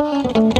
Thank you.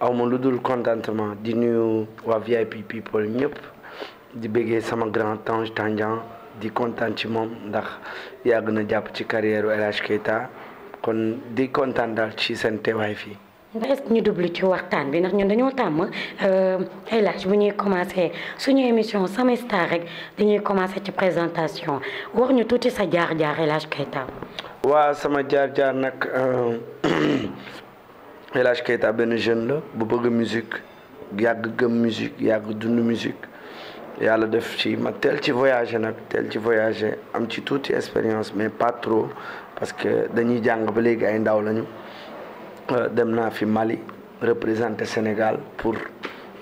aw ma lu contentement di nuyu waa VIP people ñëpp di bëggee sama grand Tange Tandian di contentement ndax yàgg na jàpp ci carrière El Keita kon di kontaan daal ci seen teewaay fii. ndax ñu dublu ci waxtaan bi ndax ñun dañu tam euh Hadj bu ñuy commencer suñu émission Sama Star rek dañuy commencer ci présentation wax ñu tuuti sa jaar-jaar El Keita. wa sama jaar-jaar euh El Hadj Keita ben jeune là, bu bëgg musique yàgg gëm musique yàgg dund musique yàlla def ci ma tel ci voyager nak, teel ci voyager am ci tuuti expérience mais pas trop parce que dañuy jàng ba léegi ay ndaw lañu euh, dem naa fi Mali représenter Sénégal pour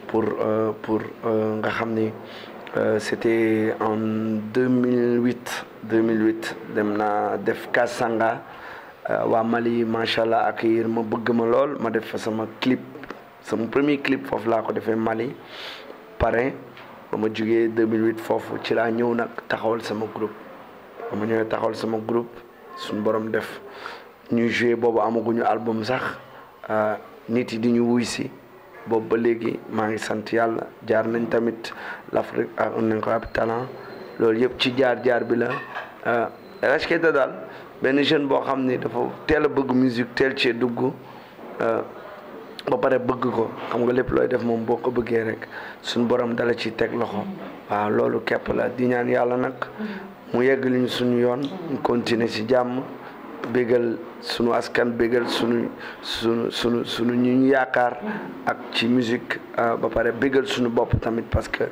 pour euh, pour euh, nga xam c'était en 2008 2008 demna naa def Kasanga Euh, waa Mali macha allah accueillir ma bëgg ma lool ma def fa sama clip sama premier clip foofu laa ko defee Mali pare ba ma jugee 2008 foofu ci laa ñëw nag taxawal sama groupe ba ma ñëwee taxawal sama groupe suñ borom def ñuy joué boobu amaguñu album sax euh, nit yi di ñu wuy si boobu ba léegi maa ngi sant yàlla jaar nañ tamit l'Afrique ak nañ ko ab talent loolu yëpp ci jaar jaar bi la rachketa euh, daal benn jeune boo xam ni dafa teel a bëgg musique teel cee dugg euh, ba pare bëgg ko xam nga lépp looy def moom boo ko bëggee rek suñ borom dala ci teg loxo waaw loolu képp la di ñaan yàlla nag mu yegg liñ suñu yoon ñu continuer ci jàmm béggal suñu askan bégal suñu sunu suñu suñu ñu yaakaar ak ci musique euh, ba pare béggal suñu bopp tamit parce que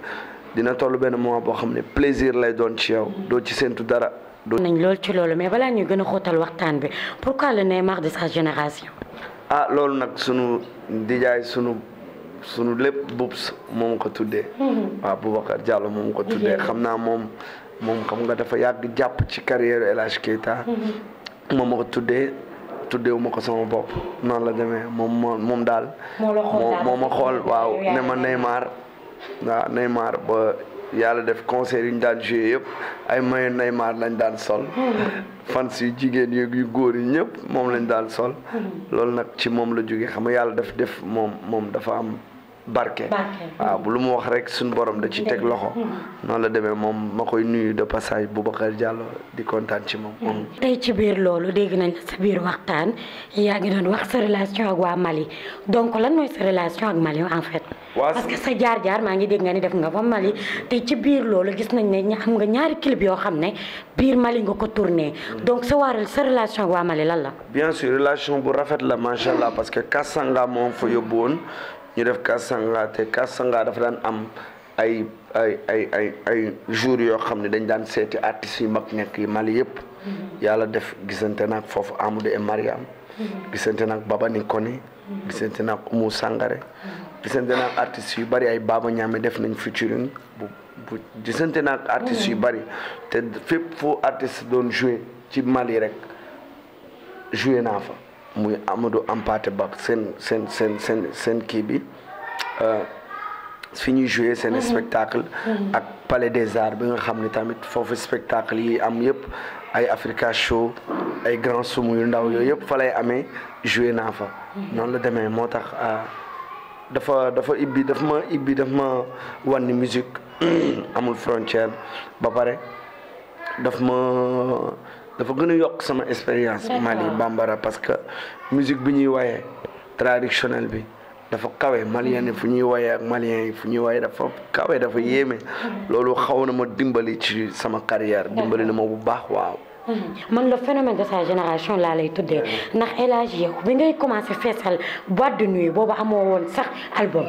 dina toll benn moment boo xam ne plaisir lay doon ci yow doo ci séntu dara nañ lool ci loolu mais balaa ñuy gën a xóotal waxtaan bi pourquoi le Neymar de sa génération. a ah, loolu nag sunu dijaay sunu sunu lépp bubs moom ko tuddee. Mhm. waaw Boubacar Diallo moom ko tuddee xam naa moom moom xam nga dafa yàgg jàpp ci carrière El Hadj Keita. Mhm. moom ko tuddee tudde wu ko sama bopp noonu la demee moom moom daal. moo ma xool waaw ne Neymar waaw Neymar yàlla def concert yu ñu daan joué yëpp ay maillot Neymar lañ daan sol fans yu jigéen yu góor yi ñëpp moom lañ daan sol mm-hmm. loolu nag ci moom la jóge xam nga yàlla def def moom moom dafa am barké waaw bu lu mu wax rek suñu borom da ci teg loxo non la mmh. démé mom makoy nuyu de passage Boubacar Diallo di kontaan ci mom mmh. tey ci biir loolu dégg nañ sa biir waxtaan yaa ngi doon wax sa relation ak waa Mali donc lan mooy sa relation ak Mali en fait parce que sa jaar-jaar maa ngi dégg nga ni def nga fa Mali te ci biir loolu gis nañ ne xam nga ñaari clip yoo xam ne biir Mali nga ko tourné mmh. donc sa waaral sa relation ak waa Mali lan la bien sûr relation bu rafet la macha allah parce que Kassanga moom fa yóbbu woon ñu def kaas sanga te kaas sanga dafa daan am ay ay ay ay ay jours yoo xam ne dañ daan seeti artistes yu mag nekk yi Mali yëpp. Mm-hmm. yàlla def gisante naag foofu Amadou et Mariam. Mm-hmm. gisante naag Baba Nikoni. Mm-hmm. gisante naag Oumou Sangaré. gisante naag artistes yu bari ay Baba Ñaame def nañ featuring bu bu gisante naag artistes yu bari te fépp foo artiste doon joué ci Mali rek joué naa fa. muy Amadou ampaté bab sen sen sen sen sen kibi euh fini jouer joué mhm. spectacle mhm. ak palais des arts bi nga xam tamit fofu spectacle yi am yépp ay Africa show ay grand sumu yu ndaw yooyu yëpp fa amé jouer joué fa mhm. noonu la démé motax euh, dafa dafa ibbi daf ma ibbi daf ma wan musique amul frontière ba paré daf ma dafa gën a yokk sama expérience Mali bambara parce que musique bi ñuy woyee traditionnelle bi dafa kawe malien yi fu ñuy woyee ak malien yi fu ñuy woyee dafa kawe dafa yéeme mm-hmm. loolu xaw na ma dimbali ci sama carrière dimbali na moo bu baax waaw Mhm. man le phénomène de sa génération laa lay tuddee ndax El Hadji yow bi ngay commencé feesal boîte de nuit boobu amoo ça sax album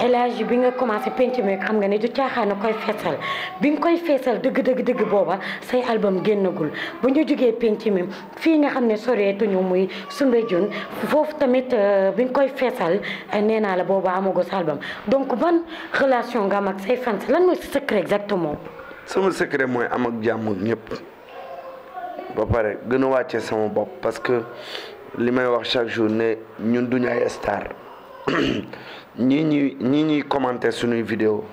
El Hadji bi nga commencé penc mi xam nga ne du caaxaan koy feesal bi nga koy ça dëgg dëgg dëgg booba say album génnagul bu ñu jógee penc mi fii nga xam ne soreetuñu muy Soumbédioune foofu tamit euh, bi nga koy feesal euh, nee naa la booba album donc ban relation nga am ak say fans lan mooy secret exactement Son secret mooy am ak jàmm ñëpp ba pare gën a wàccee sama bopp parce que li may wax chaque jour ne ñun duñu ay star ñii ñuy ñii ñuy commenter suñuy vidéo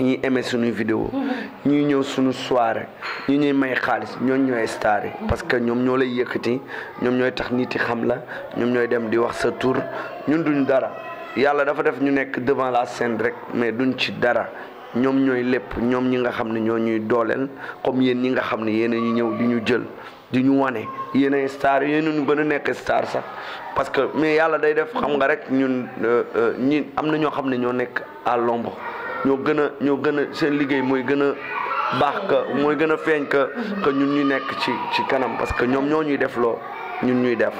ñuy aimer suñuy video ñuy ñëw suñu soire ñu ñuy may xaalis ñoom ñooy star yi parce que ñoom ñoo lay yëkkati ñoom ñooy tax nit yi xam la ñoom ñooy dem di wax sa tur ñun duñ dara yàlla dafa def ñu nekk devant la scène rek mais duñ ci dara ñoom ñooy lépp ñoom ñi nga xam ne ñoo ñuy dooleel comme yéen ñi nga xam ne yéen ñu ñëw di ñu jël di ñu wane yéen ay star yéen ñu gën a nekk star sax parce que mais yàlla day def xam nga rek ñun euh, euh, ñi am na ñoo xam ne ñoo nekk à l'ombre ñoo gën a ñoo gën a seen liggéey mooy gën a baax ka mooy gën a feeñ ka que ñun ñu nekk ci ci kanam parce que ñoom ñoo ñuy def loo ñun ñuy def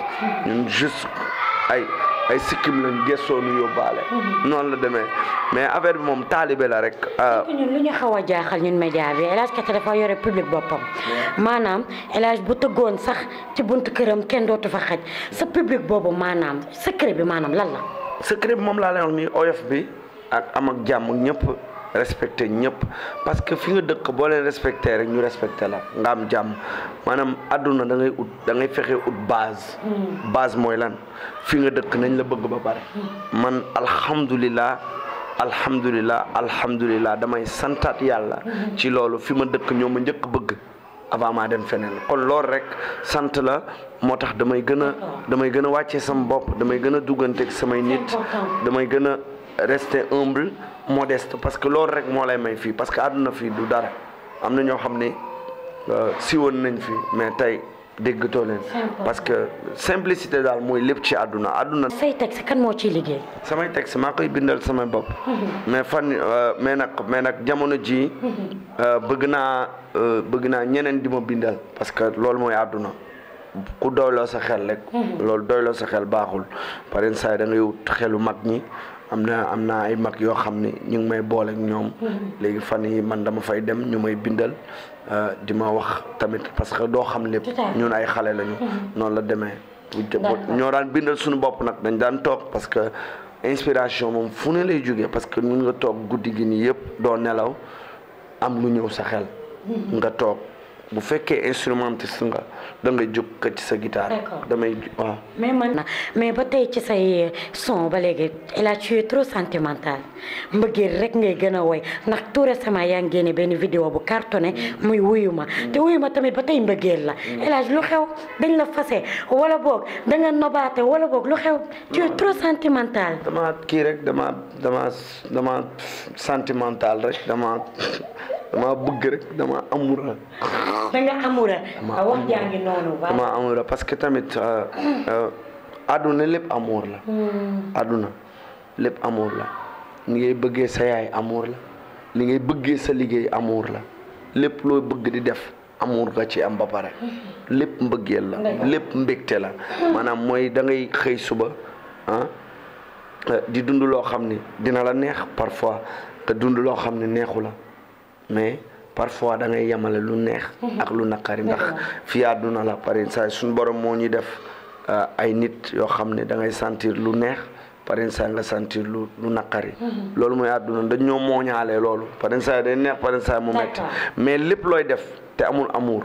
ñun juste ay ay sikkim lañ gëstoo ñu yóbbaale. Mhm. noonu la demee mais affaire bi moom taalibe la rek. Euh, ñun lu ñu xaw a jaaxal ñun média bi El Hadj Keita dafa yore public boppam maanaam El Hadj bu sax ci buntu këram kenn dootu fa xaj sa public boobu maanaam secret bi maanaam lan la. secret bi moom laa leen wax oyof bi ak am ak jàmm ñëpp. respecté ñëpp parce que fi nga dëkk boo leen respecté rek ñu respecté la nga am jàmm maanaam àdduna da ngay ut da ngay fexe ut base. Mm. base mooy lan fi nga dëkk nañ la bëgg ba pare. Mm. man alhamdulilah alhamdulilah alhamdulilah damay santaat yàlla. Mm-hmm. ci loolu fi ma dëkk ñoo ma njëkk bëgg. avant maa dem feneen kon loolu rek sant la moo tax damay gën a damay gën a wàccee sama bopp damay gën a duggante ak samay nit damay gën a rester humble modeste parce que loolu rek moo lay may fii parce que àdduna fii du dara am na ñoo xam ne euh, siwoon nañ fi mais tey déggatoo leen. parce que simplicité daal mooy lépp ci àdduna àdduna. say texte kan moo ciy liggéey. samay texte maa koy bindal samay bopp. mais fan euh, mais nag mais nag jamono jii. Euh, bëgg naa bëgg naa ñeneen di ma bindal parce que loolu mooy àdduna. ku doyloo sa xel rek. loolu doyloo sa xel baaxul par exemple saa da ngay wut xelu mag ñi. am na am naa ay mag yoo xam ni ñu ngi may boole ñoom. léegi fan yi man dama fay dem ñu may bindal euh, di ma wax tamit parce que doo xam lépp. ñun ay xale lañu. noonu la demee. ñoo daan bindal suñu bopp nag dañ daan toog parce que inspiration moom fu ne lay jógee parce que mun nga toog guddi gi nii yëpp doo nelaw am lu ñëw sa xel. nga toog. bu fekkee instrumentiste nga da ngay jóg ka ci sa guitare. damay mais man mais ba tey ci say son ba léegi El Hadj tu es trop rek ngay gën a woy ndax tout récemment yaa ngi génne benn vidéo bu cartonné muy wuyu ma te wuyu ma tamit ba tey mbëggeel la El Hadj lu xew dañ la fase wala boog da nga nobaate wala boog lu xew. tu es trop sentimental. dama kii rek dama dama dama sentimental rek dama. dama bëgg rek dama amura da amura ah, parce que tamit euh, euh, àdduna lépp amour la hmm. àdduna lépp amour la ngay bëggee sa yaay amour la li ngay bëggee sa liggéey amour la lépp loo bëgg di def amour nga ci am ba pare lépp mbëggeel la lépp mbégte la maanaam mooy da ngay xëy suba ah euh, di dund loo xam ne dina la neex parfois te dund loo xam ne neexu la mais parfois da ngay yemale lu neex. Mhm. ak lu naqari ndax fii àdduna la pare saa suñu borom moo ñuy def euh, ay nit yoo xam ne da ngay sentir lu neex. parrain saa nga sentir lu lu naqari. Mhm. loolu mooy àdduna dañ ñoo mooñaale loolu. parrain saa day neex parrain saa mu metti mais lépp looy def te amul amour.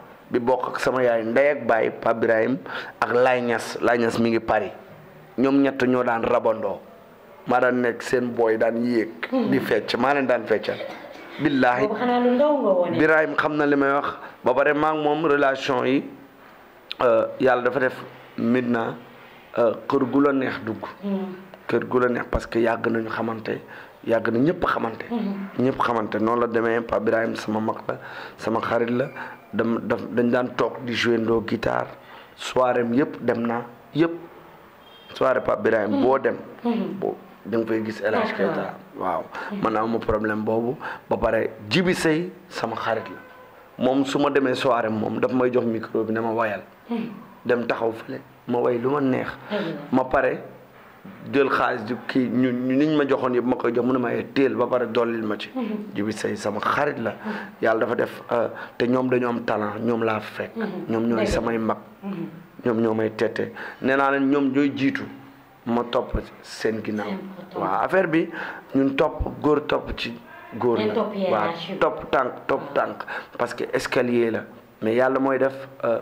bi bokk sama yaay ndey ak baay Pape Birahim ak Laay Ñas Laay mi ngi Paris ñoom ñett ñoo daan rabandoo maa daan nekk seen booy daan yéeg hmm. di fecc maa leen daan feccal billaahi Birahim xam na li may wax ba pare maa ngi moom relation yi euh, yàlla dafa def maintenant euh, kër gu la neex dugg hmm. kër gu la neex parce que yàgg nañu xamante yàgg na ñëpp xamante hmm. ñëpp xamante noonu la demee Pape Birahim sama mag la sama xarit la dam daf dañ daan toog di jouer ndoo guitare soirée am yëpp dem na yëpp soirée Pape boo dem mm-hmm. boo da nga gis El Hadj Keita waaw mm-hmm. man amuma problème boobu ba pare jibi sëy sama xarit la moom su ma demee soirée moom daf may jox micro bi ne ma wayal mm-hmm. dem taxaw fële ma way lu ma neex ma pare jël xaalis di kii ñu niñ ma joxoon yëpp ma koy jox mu ne ma eh, téel ba pare dollil ma ci. Mm-hmm. Jibi Sey sama xarit la. Mm-hmm. yàlla dafa def euh, te ñoom dañoo am talent ñoom laa fekk. Mm-hmm. ñoom ñooy samay mag. ñoom ñoo may tete nee naa leen ñoom ñooy jiitu ma topp seen ginnaaw. waaw affaire bi ñun topp góor topp ci góor la. waaw topp tànk topp tànk parce que escalier la mais yàlla mooy def euh,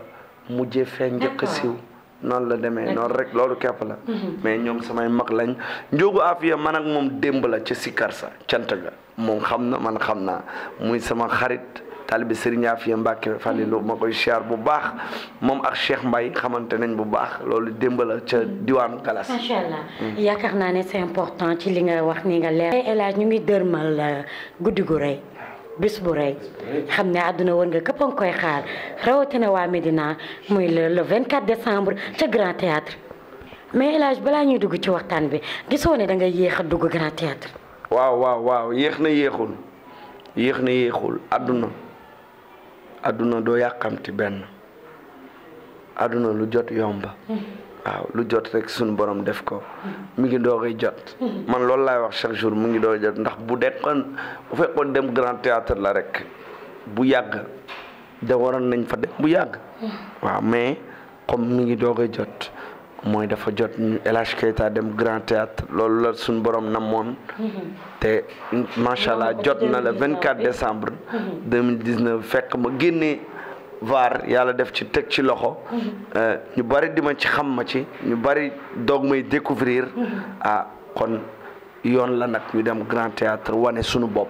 mujjee feeñ njëkk siiw. noonu la demee noonu rek loolu képp la. Mhm. mais ñoom samay mag lañ njóogu afiya man ak moom démb la ca Sikar sa cant ga moom xam na man xam naa muy sama xarit. taalibe Serigne Afia Mbacke Fallilou mhm. ma koy siyaar bu baax moom ak Cheikh Mbaye xamante nañ bu baax loolu démb la ca mhm. diwaanu Galas. macha yaakaar naa ne c'est important ci li nga wax ni nga leer. El Hadj ñu ngi dërmal euh, guddi gu rëy. bis bu rëy xam ne àdduna woon nga këpp a ngi koy xaar rawatina waa Médina muy le le 24 décembre ca Grand Théâtre mais El Hadj balaa ñuy dugg ci waxtaan bi gisoo ne da yéex a dugg Grand Théâtre waaw waaw yéex na yéexul yéex na yéexul àdduna adduna doo yàqamti benn àdduna lu jot yomba hmm. waaw lu jot rek suñu borom def ko mu ngi doogay jot man loolu laay wax chaque jour mu ngi doogay jot ndax bu dekkoon bu fekkoon dem grand théâtre la rek bu yàgg da waroon nañ fa dem bu yàgg waaw mais comme mu ngi doogay jot mooy dafa jot ñu El Hadj Keita dem grand théâtre loolu la suñu borom namoon te macha allah jot na le 24 décembre 2019 fekk ma génnee vaar yàlla def ci teg ci loxo mm-hmm. ñu bari di ma ci xam ma ci ñu bari doog may découvrir mm-hmm. ah kon yoon la nag ñu dem grand théâtre wane suñu bopp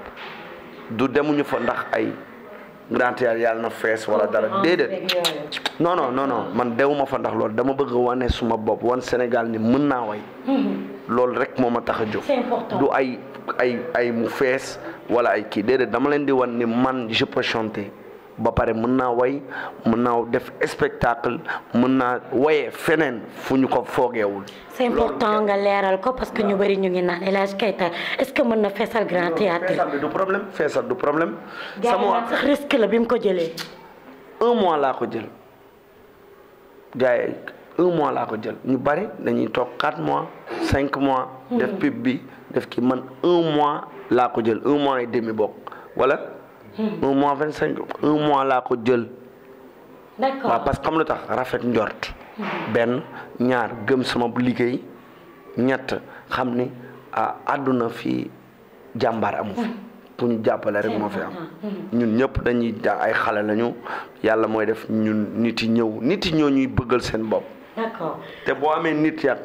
du demuñu fa ndax ay grand théâtre yàlla na fees wala dara ah, déedéet non non non non man dewuma fa ndax loolu dama bëgg wane suma bopp wan Sénégal ni mën naa way mm-hmm. loolu rek moom ma tax a jóg du ay ay ay mu fees wala ay kii déedéet dama leen di wan ni man je peux ba pare mun naa way mun naa def spectacle mën naa waye feneen fu ñu ko foogeewul. c'est important nga leeral ko parce que ñu bëri ñu ngi naan El Hadj Keita est-ce que mën na feesal grand théâtre. feesal du problème feesal du problème. sama sax risque la bi mu ko jëlee. un mois laa ko jël gars un mois laa ko jël ñu bari dañuy toog quatre mois cinq mois. def hmm. bi def ki man un mois laa ko jël mois et demi bokk wala. Hmm. un mois vingt cinq mois laa ko jël. waa waaw parce que xam lu tax rafet njort. Hmm. benn ñaar gëm sama liggéey ñett xam ni a ah, àdduna fii jàmbar amu fi. ku hmm. ñu jàppale rek moo fi am ñun ñëpp dañuy ay xale lañu yàlla mooy def ñun nit yi ñëw nit yi ñoo ñuy bëggal seen bopp. d'accord te boo amee nit yàq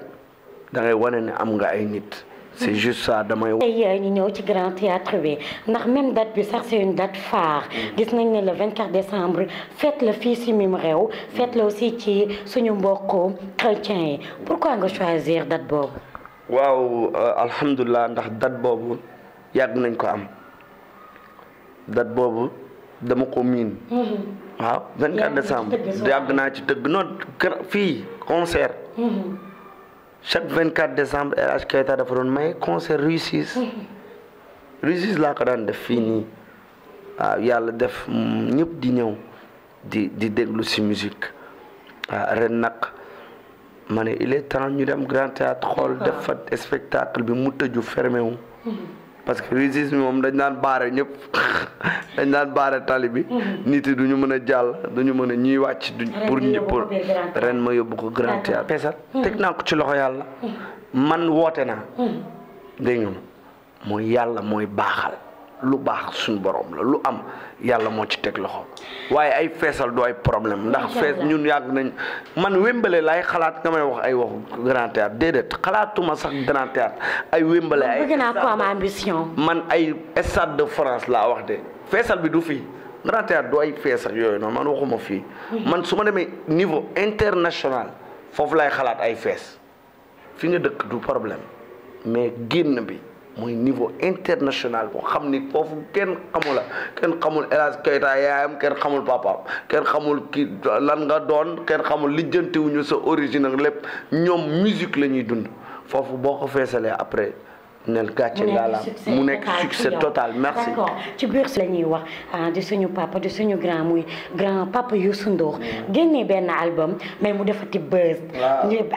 da ngay wane am nga ay nit. c' est juste ça damay. tey ñu ñëw ci grand théâtre bi ndax même date bi sax c' est une date phare gis nañ ne le 24 décembre fête la fii si mim réew fête la aussi ci suñu mbokku chrétien yi pourquoi nga choisir date boobu. waaw euh, alhamdulilah ndax date boobu yàgg nañ ko am date boobu dama ko miin. Mm-hmm. décembre yàgg naa ci tëgg noonu fii concert. Mm-hmm. chaque 24 décembre RH Keita dafa doon may concert réussisse réussisse laa ko daan def fii nii waaw yàlla def ñëpp di ñëw di di déglu si musique waaw ren nag ma ne il est temps ñu dem grand théâtre xool def fa spectacle bi mu tëju fermé wu mm-hmm. parce que Régis bi moom dañ daan baare ñëpp dañ daan baare tali bi. Mhm. nit yi du ñu mën a jàll du ñu mën a ñuy wàcc. duñ pour ñëpp ren ma yóbbu ko Grand Théâtre peesal mhm. teg naa ko ci loxo yàlla. Mhm. man woote naa. dégg nga mooy yàlla mooy baaxal. lu baax suñu borom la lu am yàlla moo ci teg loxo waaye ay feesal du ay problème ndax fees ñun yàgg nañ man wembale laay xalaat nga may wax ay waxu grand théâtre xalaatuma sax grand théâtre ay wémbale ay bëgg naa man ay stade de France laa wax de feesal bi du fii grand théâtre feesal yooyu noonu man waxuma fi man su ma demee niveau international foofu laay xalaat ay fees fi nga dëkk du problème mais génn bi mooy niveau international boo xam ni foofu kenn xamul la kenn xamul El Hadj Keita yaayam kenn xamul papaam kenn xamul ki lan nga doon kenn xamul lijjantiwuñu sa origine ak lépp ñoom musique la ñuy dund foofu boo ko feesalee après Mon gàcce ngaala succès total merci. Tu ci biir la ah, de wax di suñu papa de suñu grand muy grand papa Youssou Ndour mm. génnee album mais mu defati buzz.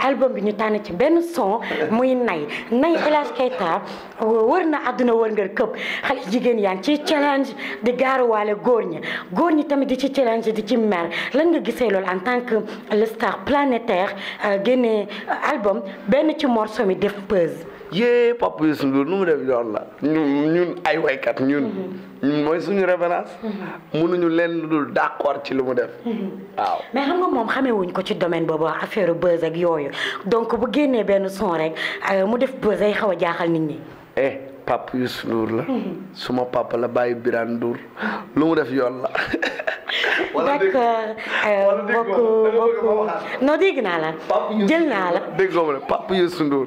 album bi ñu ben ci son muy nay nay El Hadj Keita wër na àdduna wër nga këpp xale jigéen yaa ngi challenge de gaaruwaale góor ñi góor ñi tamit di ci challenge di ci mer lan nga gisee loolu en tant que le star planétaire euh, génnee album ben ci morceau mi def buzz. yée papa Youssou Ndour nu mu def yoon la ñun ay waykat ñun mm-hmm. ñun mooy suñu référence mm-hmm. mënuñu leen lu dul d'accord ci lu mu def mm-hmm. waaw mais nga moom xamee wuñ ko ci domaine boobu affaire buzz ak yooyu donc bu génnee benn son rek euh, mu def buzz ay xaw a jaaxal nit ñi eh papa Youssou Ndour la suma papa la bàyyi Birane Ndour lu mu def yoon la d'accord mbokk euh, mbokk non dégg naa la jël naa papa Youssou Ndour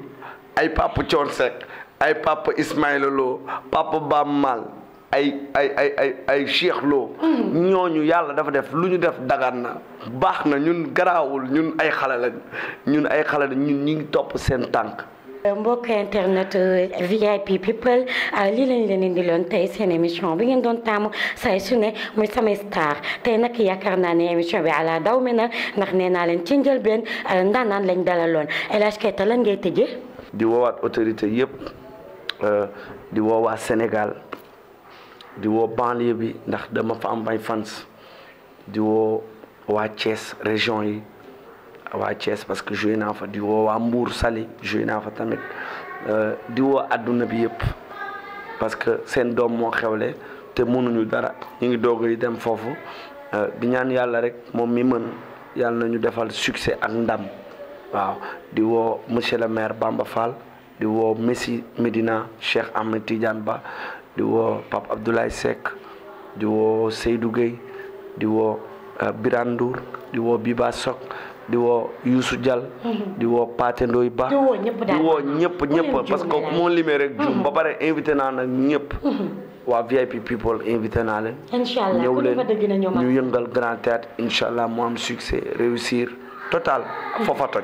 ay papa Thione Seck ay papa Ismaïla Lo papa Bam Mal ay ay ay ay ay Cheikh Lo mm-hmm. ñooñu yàlla dafa def lu ñu def dagan na baax na ñun garaawul ñun ay xalala ñun ay xale lañ ñun ñu ngi topp seen tànk mbokk internet euh, VIP people euh, lii lañ leen indiloon tey seen émission bi ngeen doon taamu say su ne muy samay star tey nag yaakaar naa ne émission bi ala daw mi na ndax nee naa leen ci njëlbeen euh, ndaanaan lañ dalaloon El Hadj Keita lan ngay di woowaat autorité yëpp euh, di woo waa Sénégal di woo banlieue bi ndax dama fa am ay fans di woo waa Thiès région yi waa Thiès parce que joué naa fa diwoo woo waa Mbour Saly joué naa fa tamit euh, di woo àdduna bi yëpp parce que seen doom moo xewle te mënuñu dara ñu ngi doog yi dem foofu euh, di ñaan yàlla rek moom mi mën yàlla ñu defal succès ak ndam waaw di woo monsieur le maire Bamba Fall di woo Messi Medina Cheikh Ahmed Tidiane Ba di woo Pape Abdoulaye Seck di woo Seydou Gueye di woo euh, Birane Ndour di woo Biba Sok di woo Youssou Dial mhm. di woo Ba di woo ñëpp ñëpp parce que moo limee rek jum mhm. ba pare invité naa nag ñëpp mhm. wa VIP people invité naa leen ñëw New ñu yëngal Grand Théâtre incha allah am succès réussir total foofa toj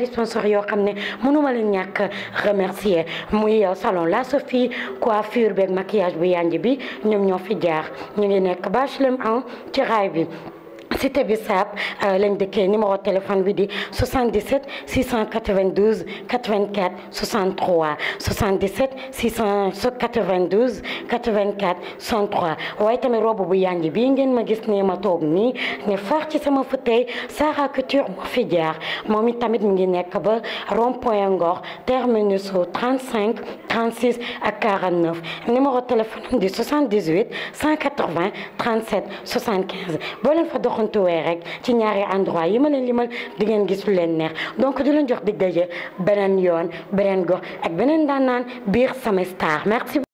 ñaari sponsor yoo xam ne mënuma leen ñàkk remercier muy salon la Sophie coiffure beeg maquillage bu yanj bi ñoom ñoo fi jaar ñu ngi nekk bachelem en ci c'était Bissap euh, l'indiqué, numéro numéro téléphone bi dit 77 692 84 63 77 692 84 63 waaye tamit robe bu yànji bii ngeen ma gis ma ne ci sama fauteuil fi terminus 35 36 à 49 numéro de téléphone de 78 180 37 75 boo leen fa doxantuwee rek ci ñaari endroit yi ma leen limal di ngeen gis neex donc di leen jox dig daje beneen yoon beneen Go, ak beneen daanaan biir merci